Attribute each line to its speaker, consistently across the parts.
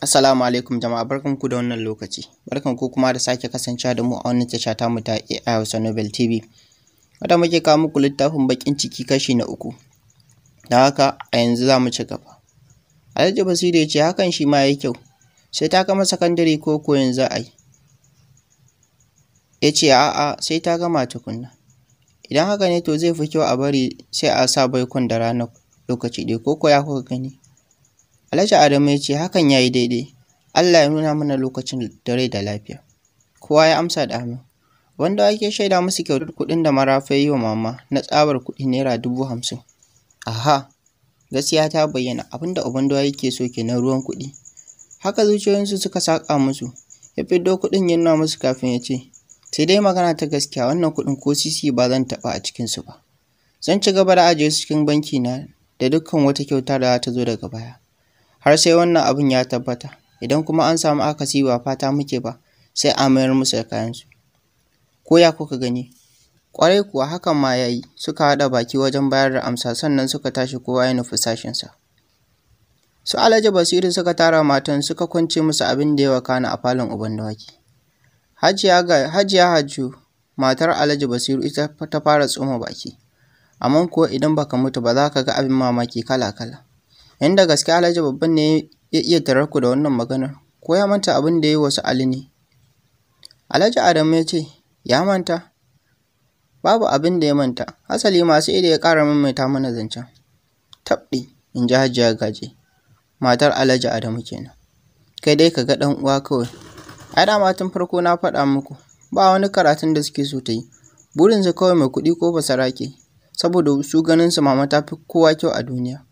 Speaker 1: Assalamu alaikum jama'a barkanku da wannan lokaci. ku kuma da sake kasancewa da mu a wannan tasha ta mu ta AI Hausa Nobel TV. Wata muke kawo muku littafin bakin ciki kashi na uku. Da haka a yanzu za mu ci gaba. Alhaji Basiru ya ce hakan shi ma yayi kyau. Sai ta gama sakandare ko ko yanzu a yi. Ya ce a'a sai ta gama tukunna. Idan haka ne to zai fi kyau a bari sai a sa baikon da ranar lokaci ɗaya ko ko ya kuka gani. Alhaji Adamu ya ce hakan ya yi daidai. Allah ya nuna mana lokacin da rai da lafiya. Kowa ya amsa da amin. Wanda ake shaida musu kyautar kuɗin da marafa ya yi wa mama na tsabar kuɗi naira dubu hamsin. Aha, gaskiya ta bayyana abin da uban doya yake so ke kenan ruwan kuɗi. Haka zuciyoyinsu suka saƙa musu, ya fiddo kuɗin ya nuna musu kafin ya ce, sai dai magana ta gaskiya wannan kuɗin ko sisi ba zan taɓa a cikinsu ba. Zan ci gaba da ajiye su cikin banki na da dukkan wata kyauta da ta zo daga baya. har sai wannan abin ya tabbata idan kuma an samu akasi ba fata muke ba sai a mayar musu da kayansu ko ya kuka gani ƙwarai kuwa hakan ma ya yi suka haɗa baki wajen bayar da amsa sannan suka tashi kowa ya nufi sashinsa su alhaji basiru suka tara matan suka kwance musu abin da ya wakana a falon uban dawaki hajiya hajju matar alhaji basiru ita ta fara tsoma baki amma kuwa idan baka mutu ba za ka ga abin mamaki kala-kala inda gaske Alhaji babban ne ya iya tarar ku da wannan maganar ko ya manta abin da ya yi wasu Ali ne Alhaji Adamu ya ce ya manta babu abin da ya manta asali masu ido ya ƙara maimaita mana zancen tabɗi in ji ya Gaje matar Alhaji Adamu kenan kai dai ka ga ɗan uwa kawai ai dama tun farko na faɗa muku ba wani karatun da suke so ta yi burinsu kawai mai kuɗi ko ke? saboda su ganin su mama ta fi kowa kyau a duniya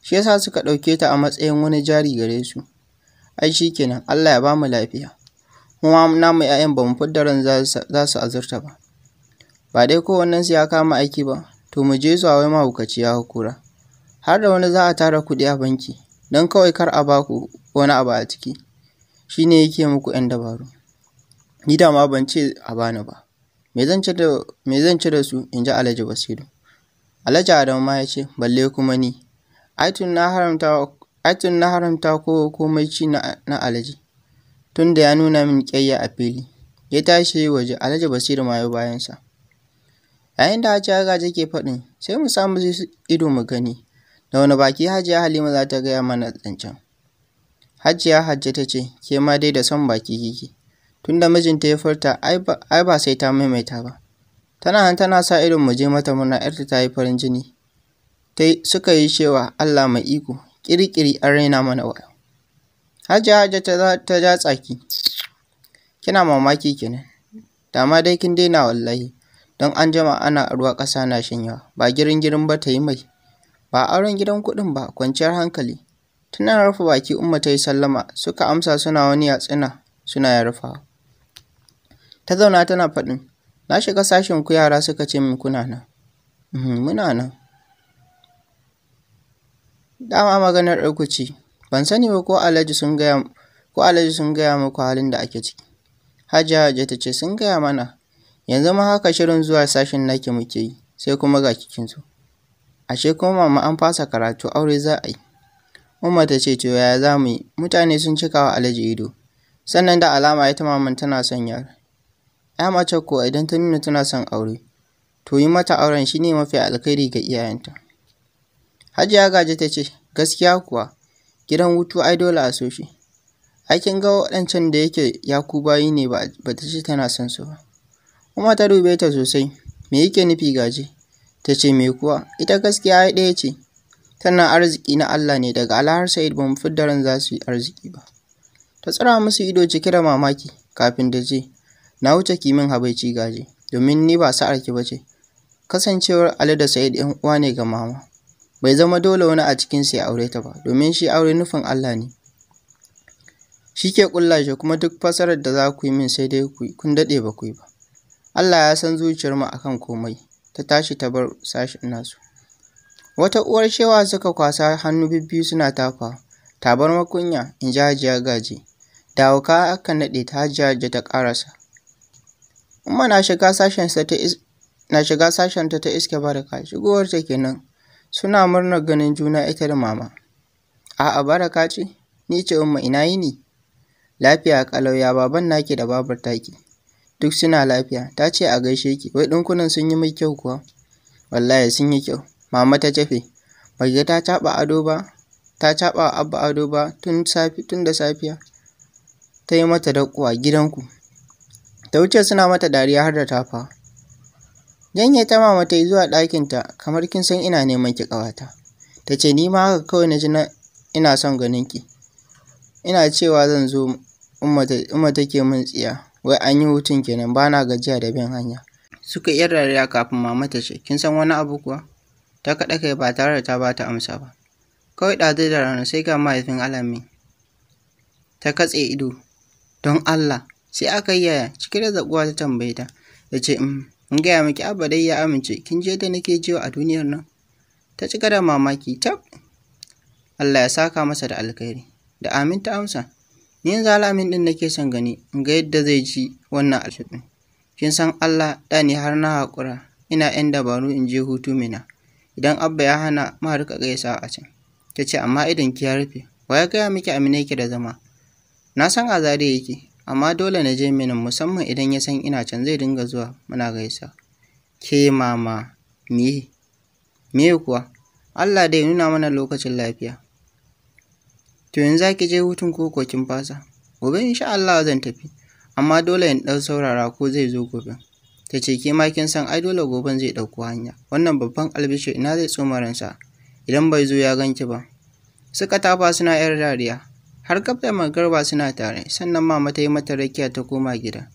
Speaker 1: shi yasa suka ɗauke ta a matsayin wani jari gare su ai shi kenan Allah ya ba mu lafiya mu ma mu 'ya'yan ba mu fidda ran za su azurta ba ba dai ko kowannensu ya kama aiki ba to mu je zuwa wai mahaukaci ya hukura har da wani za a tara kuɗi a banki don kawai kar a baku wani abu a ciki shi ne yake muku 'yan dabaru ni da ma ban ce a bani ba me zan ci da su in ji alhaji basiru alhaji adamu ma ya ce balle kuma ni Ai na haramta kowa komai ci na alaji tun da ya nuna min ƙyayya a fili. Ya tashi waje Alhaji Basiru ma bayansa. Yayin da Hajiya gaji ke faɗin, sai mu samu ido mu gani, da wani baki Hajiya Halima za ta gaya mana zancen. Hajiya Hajja ta ce, ke ma dai da son baki kike, tun da mijinta ya furta ai ba sai ta maimaita ba. Tana nan sa ido mu je mata muna ‘yarta ta yi farin jini. suka yi cewa Allah mai iko ƙirƙiri an raina mana wayo. Hajiya Hajiya ta ja tsaki. Kina mamaki kenan. Da ma dai kin daina wallahi. Don an jama ana ruwa ƙasa na shanyawa. Ba girin girin ba ta yi mai. Ba auren gidan kuɗin ba kwanciyar hankali. Tana rufe baki Umma ta yi sallama suka amsa suna wani yatsuna suna ya rufawa. Ta zauna tana faɗin. Na shiga sashen ku yara suka ce min kuna nan. Uhm, muna nan. Dama maganar ɗauku ce, ban sani ba ko Alhaji sun gaya ko Alhaji sun gaya muku halin da ake ciki. Hajiya Hajiya ta ce sun gaya mana, yanzu ma haka shirin zuwa sashen naki muke yi, sai kuma ga kikin su. Ashe kuma mama an fasa karatu aure za a yi. Umma ta ce to yaya za mu yi, mutane sun cika wa Alhaji ido. Sannan da alama ita maman tana son yara. ‘Ya mace ko idan ta nuna tana son aure, to yi mata auren shine mafi alkhairi ga iyayenta. Hajiya Gaje ta ce, gaskiya kuwa, gidan hutu ai dole a so shi. Aikin ga waɗancan da yake Yakubayi ne ba ta ce tana son su ba. Kuma ta dube ta sosai, me yake nufi Gaje? Ta ce me kuwa, ita gaskiya ai ɗaya ce. Tana arziki na Allah ne daga Alhar Sa'id ba mu fidda za su yi arziki ba. Ta tsara musu ido cike da mamaki kafin da je, na wuce kimin habaici Gaje, domin ni ba sa'arki ba ce. Kasancewar Ali da Sa'id ‘yan uwa ne ga mama. bai zama dole wani a cikinsu ya aure ta ba domin shi aure nufin Allah ne shi ke ƙulla shi kuma duk fasarar da za ku yi min sai dai kun daɗe ba ku yi ba Allah ya san zuciyar mu akan komai ta tashi ta bar sashin nasu wata uwar shewa suka kwasa hannu bibbiyu suna tafa tabar makunya in ji hajiya gaje da hauka aka naɗe ta hajiya ta ƙarasa umma na shiga sashen ta iske baraka shigowar ta kenan Suna murnar ganin juna ita da mama. A'a Baraka ce, ni ce Umma ina yi yini? Lafiya ƙalau ya baban naki da babar taki. Duk suna lafiya, ta ce a gaishe ki, wai ɗinkunan sun yi mai kyau kuwa? Wallahi sun yi kyau, mama ta jafe. Bai ta caɓa ado ba, ta caɓa wa Abba ado ba tun, da safiya. Ta yi mata daƙuwa gidanku. Ta wuce suna mata dariya har da tafa. Janye ta mama ta yi zuwa ɗakinta kamar kin san ina neman ki ƙawata. Ta ce ni ma haka kawai na ji ina son ganin ki. Ina cewa zan zo umma take min tsiya wai an yi hutun kenan ba na gajiya da bin hanya. Suka iya rariya kafin mama ta ce kin san wani abu kuwa? Ta kaɗa kai ba tare da ta ba ta amsa ba. Kawai ɗazai da rana sai ga mahaifin alami. Ta katse ido don Allah sai aka yi yaya cike da zaƙuwa ta tambaye ta. Ya ce mm, in gaya miki abba dai ya amince kin je da nake jiwa a duniyar nan ta cika da mamaki ta. Allah ya saka masa da alkhairi da aminta amsa ni yanzu alamin din nake son gani in ga yadda zai ji wannan alfiɗin kin san Allah da ni har na haƙura ina yan dabaru in je hutu mina idan abba ya hana ma rika gaisa a can ta ce amma idan ki ya rufe wa ya gaya miki amina yake da zama na san azare yake amma dole na je minin musamman idan ya san ina can zai dinga zuwa muna gaisa. Ke mama, me? Me kuwa? Allah dai nuna mana lokacin lafiya. To yanzu za ki je hutun koko kin fasa. Gobe insha Allah zan tafi, amma dole in dan saurara ko zai zo gobe. Ta ce ke ma kin san ai dole goben zai ɗauko hanya. Wannan babban albishir ina zai tsoma ransa idan bai zo ya ganki ba. Suka tafa suna 'yar dariya. har kafta Garba suna tare sannan mama ta yi mata rakiya ta koma gida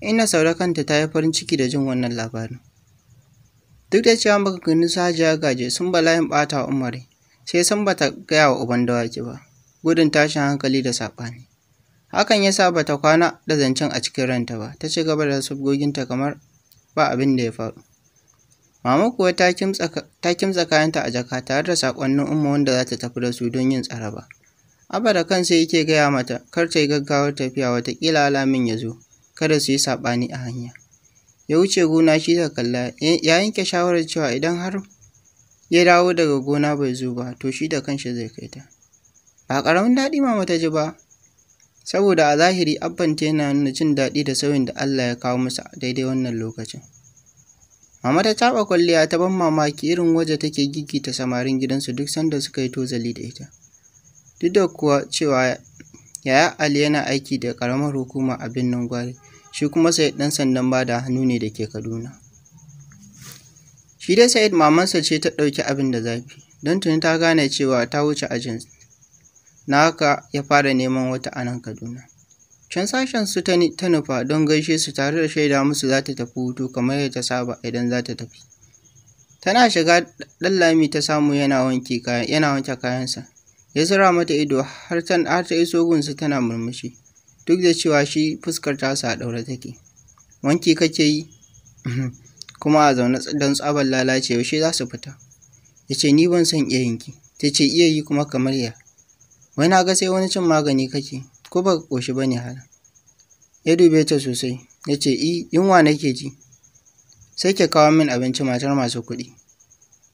Speaker 1: ina saura kanta ta yi farin ciki da jin wannan labarin duk da cewa gani su hajiya gaje sun bala'in ɓata wa umari sai sun bata gaya wa uban dawaki ba gudun tashin hankali da saɓani hakan yasa bata kwana da zancen a cikin ranta ba ta ci gaba da sabgoginta kamar ba abin da ya faru mama kuwa ta kimtsa kayanta a jaka tare da saƙonnin umma wanda za ta tafi da su don yin tsaraba Abba da kansa yake gaya mata kar ta yi gaggawar tafiya watakila alamin ya zo, kada su yi saɓani a hanya. Ya wuce gona shi ta kalla ya yanke shawarar cewa idan har ya dawo daga gona bai zo ba to shi da kanshi zai kai ta. Ba ƙaramin daɗi mama ta ji ba, saboda a zahiri abbanta yana nuna cin daɗi da sauyin da Allah ya kawo masa daidai wannan lokacin. Mama ta taɓa kwalliya ta ban mamaki irin waje take gigita samarin gidansu duk sanda suka yi tozali da ita. duk da kuwa cewa yaya Ali yana aiki da karamar hukuma a birnin Gwari, shi kuma Said ɗan sandan ba da hannu ne da ke Kaduna. Shi dai Said mamansa ce ta ɗauki abin da zafi, don tuni ta gane cewa ta wuce ajin na haka ya fara neman wata anan Kaduna. Can sashen su ta nufa don gaishe su tare da shaida musu za ta tafi hutu kamar yadda ta saba idan za ta tafi. Tana shiga lami ta samu yana wanke kayansa. ya tsira mata ido har ta iso gunsu tana murmushi duk da cewa shi fuskar tasa a ɗaure take wanki kake yi kuma a zaune don tsabar lalace yaushe za su fita ya ce ni ban son iya yinki ta ce iya yi kuma kamar ya wai na ga sai wani cin magani kake ko ba koshi ba ne hala ya dube ta sosai ya ce i eh, yunwa nake ji sai ke kawo min abinci matar masu kuɗi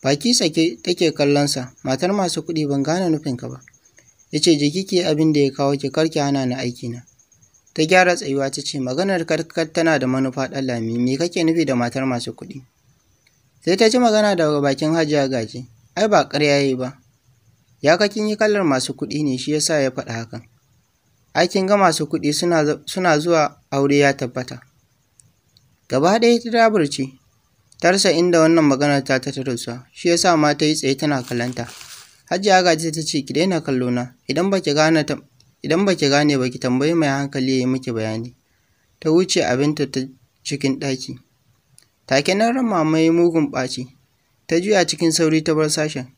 Speaker 1: Baki sake take kallonsa, matar masu kuɗi ban gane nufinka ba. Ya ce jiki abin da ya kawo ki karki hana ni na. Ta gyara tsayuwa ta ce maganar karkar tana da manufa ɗan lami me kake nufi da matar masu kuɗi. Sai ta ci magana daga bakin hajiya gaji, ai ba ƙarya yi ba. Ya kakin yi kallar masu kuɗi ne shi yasa ya faɗa hakan. aikin ga masu kuɗi suna zuwa aure ya tabbata. Gaba ɗaya ta daburce Tarsa rasa inda wannan maganar ta ta dosa, shi yasa ma ta yi tsaye tana kallanta Hajiya Gaji ta ce ki daina kallo na, idan baki gane idan baki gane baki tambayi mai hankali ya yi miki bayani. Ta wuce abinta ta cikin ɗaki. Take nan ran mamaye mugun ɓaci, ta juya cikin sauri ta bar sashen.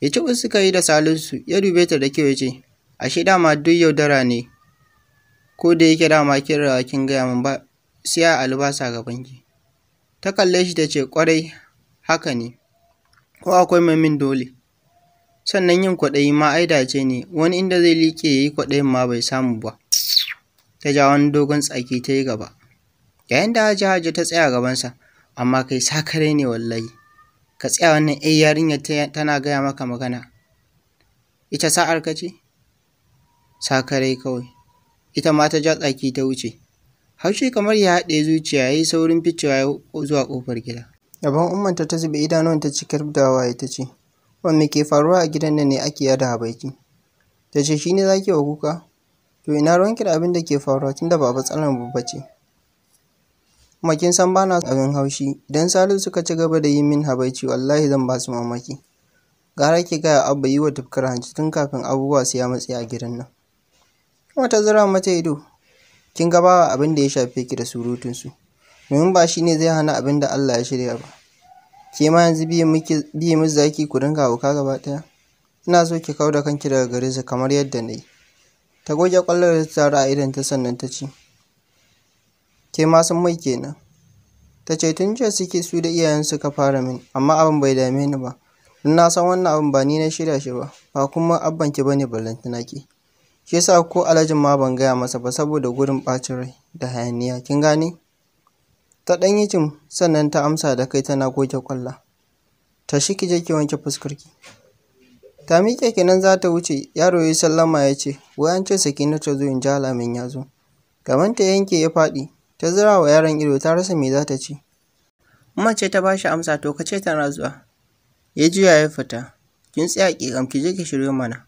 Speaker 1: Ya ci suka yi da Salisu ya dube ta da kyau ya ce, ashe dama duk yaudara ne, ko da yake dama kira kin gaya min ba, siya albasa ga banki ta kalle shi ta ce ƙwarai haka ne ko akwai mai min dole sannan yin kwaɗayi ma ai ce ne wani inda zai liƙe ya yi kwaɗayin ma bai samu ba ta ja wani dogon tsaki ta yi gaba yayin da hajji hajji ta tsaya gabansa amma kai sakare ne wallahi ka tsaya wannan ai yarinyar tana gaya maka magana ita sa'ar ka ce sakare kawai ita ma ta ja tsaki ta wuce Haushi kamar ya haɗe zuciya ya yi saurin ficewa zuwa ƙofar gida. Yaban umar ta zube idanuwan ta cikar da waye ta ce, Wanne ke faruwa a gidan nan ne ake yada habaiki? Ta ce shi ne za ki wa kuka? To ina ruwanki da abin da ke faruwa tun da baba tsalan babba ce. Kuma kin san ba na abin haushi, idan Salisu suka ci gaba da yi min habaici wallahi zan ba su mamaki. Gara ke gaya abba yi wa tufkar hanci tun kafin abubuwa su ya matse a gidan nan. Kuma ta zura mata ido, kin ga bawa abin da ya shafe ki da surutunsu domin ba shi ne zai hana abin da Allah ya shirya ba ke ma yanzu biye miki zaki ku dinga hauka gaba ɗaya ina so ki kau da kanki daga gare su kamar yadda na yi ta goge kwallon da ta taru a idon ta sannan ta ce ke ma sun mai kenan ta ce tun jiya suke su da iyayensu ka fara min amma abin bai dame ni ba na san wannan abin ba ni na shirya shi ba ba kuma abban ki bane ballantana ke shi yasa ko alhajin ma ban gaya masa ba saboda gudun ɓacin rai da hayaniya kin gane ta ɗan yi jim sannan ta amsa da kai tana goge kwalla ta shi ki je ki wanke fuskarki ta miƙe kenan za ta wuce yaro ya sallama ya ce wai an ce saki ta zo in ji alamin ya zo gaban ta yanke ya faɗi ta zira wa yaron ido ta rasa me za ta ce mace ta bashi amsa to ka ce tana zuwa ya juya ya fita kin tsaya ki je ki shiryo mana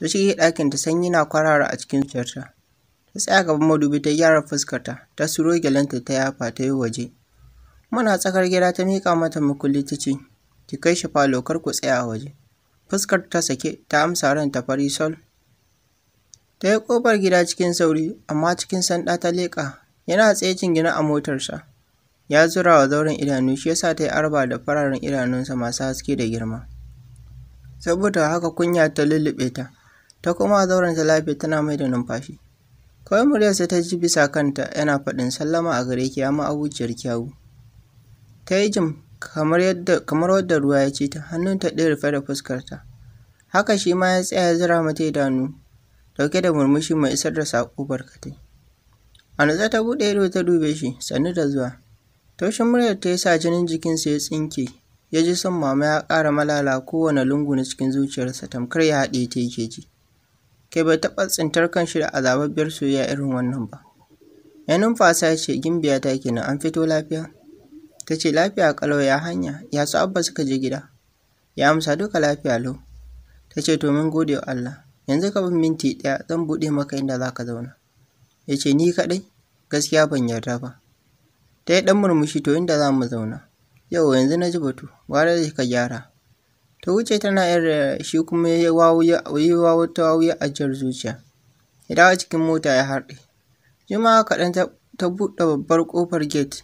Speaker 1: ta shige ɗakin ta sanyi na kwarara a cikin zuciyarta ta tsaya gaban madubi ta gyara fuskarta ta suro gyalanta ta yafa ta yi waje muna tsakar gida ta miƙa mata makulli ta ce ki kai shi falo kar ku tsaya a waje fuskar ta sake ta amsa ran ta fari sol ta yi ƙofar gida cikin sauri amma cikin sanda ta leƙa yana tsaye cin gina a motarsa ya zura wa zauren idanu shi yasa ta yi arba da fararen idanunsa masu haske da girma saboda haka kunya ta lullube ta ta koma zauren ta lafiya tana mai da numfashi kawai muryarsa ta ji bisa kanta yana faɗin sallama a gare ki amma abuciyar kyawu ta yi jim kamar yadda kamar wadda ruwa ya ce ta hannunta ɗaya rufe da fuskarta haka shi ma ya tsaya ya zira mata idanu dauke da murmushi mai isar da saƙo barkatai a nutsa ta buɗe ido ta dube shi sannu da zuwa taushin muryar ta sa jinin jikinsa ya tsinke ya ji son mama ya ƙara malala kowane lungu na cikin zuciyarsa tamkar ya haɗe ta yake ji Kai bai taɓa tsintar kan kanshi da azababbiyar soyayya irin wannan ba. Ya numfasa ya ce gimbiya ta kenan an fito lafiya. Ta ce lafiya kalau ya hanya ya su abba suka je gida. Ya amsa duka lafiya lau. Ta ce to mun gode wa Allah yanzu ka bin minti ɗaya zan buɗe maka inda za ka zauna. Ya ce ni kaɗai gaskiya ban yarda ba. Ta yi ɗan murmushi to inda za mu zauna. Yau yanzu na ji batu gwara da ka gyara. ta wuce tana yar shi kuma ya wawo ya wawo ta wawo ya ajiyar zuciya ya dawo cikin mota ya harɗe juma kaɗan ta buɗe babbar ƙofar gate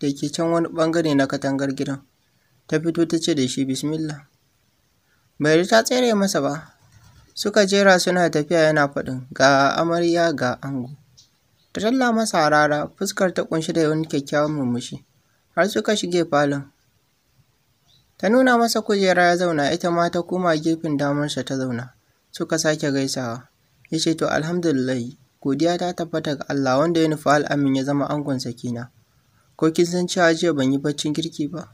Speaker 1: da ke can wani ɓangare na katangar gidan ta fito ta ce da shi bismillah bai ta tsere masa ba suka jera suna tafiya yana faɗin ga amarya ga ango ta talla masa rara, fuskar ta ƙunshi da wani kyakkyawan murmushi har suka shige falon Ta nuna masa kujera ya zauna ita ma ta koma gefen damarsa ta zauna. Suka sake gaisawa. Ya ce to alhamdulillah godiya ta tabbata ga Allah wanda ya nufi al'amin ya zama angon sakina. Ko kin san cewa jiya ban yi baccin kirki ba?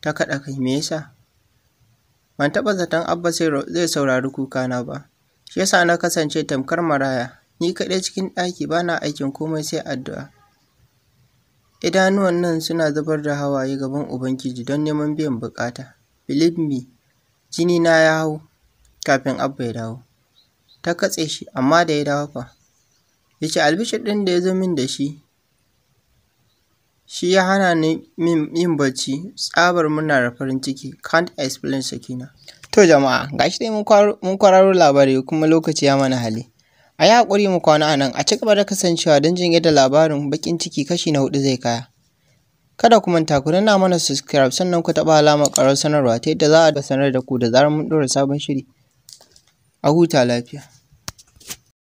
Speaker 1: Ta kaɗa kai me yasa? Ban taɓa zaton Abba zai saurari kukana ba. Shi yasa na kasance tamkar maraya. Ni kaɗai cikin ɗaki bana aikin komai sai addu'a. Idanuwan nan suna zubar da hawaye gaban Ubangiji don neman biyan bukata Believe me, jini na ya hau kafin Abba ya dawo. Ta katse shi, amma da ya dawo fa. Ya ce albishir ɗin da ya zo min da shi, shi ya hana ni yin bacci tsabar murna da farin ciki. Can't explain Sakina. To jama'a, gashi dai mun kwararo labari kuma lokaci ya mana hali. A yi haƙuri mu kwana a nan, a ci da kasancewa don jin yadda labarin bakin ciki kashi na hudu zai kaya. Kada ku manta ku danna mana subscribe sannan ku taɓa alamar ƙarar sanarwa ta yadda za a sanar da ku da zarar mun ɗora sabon shiri. A huta lafiya.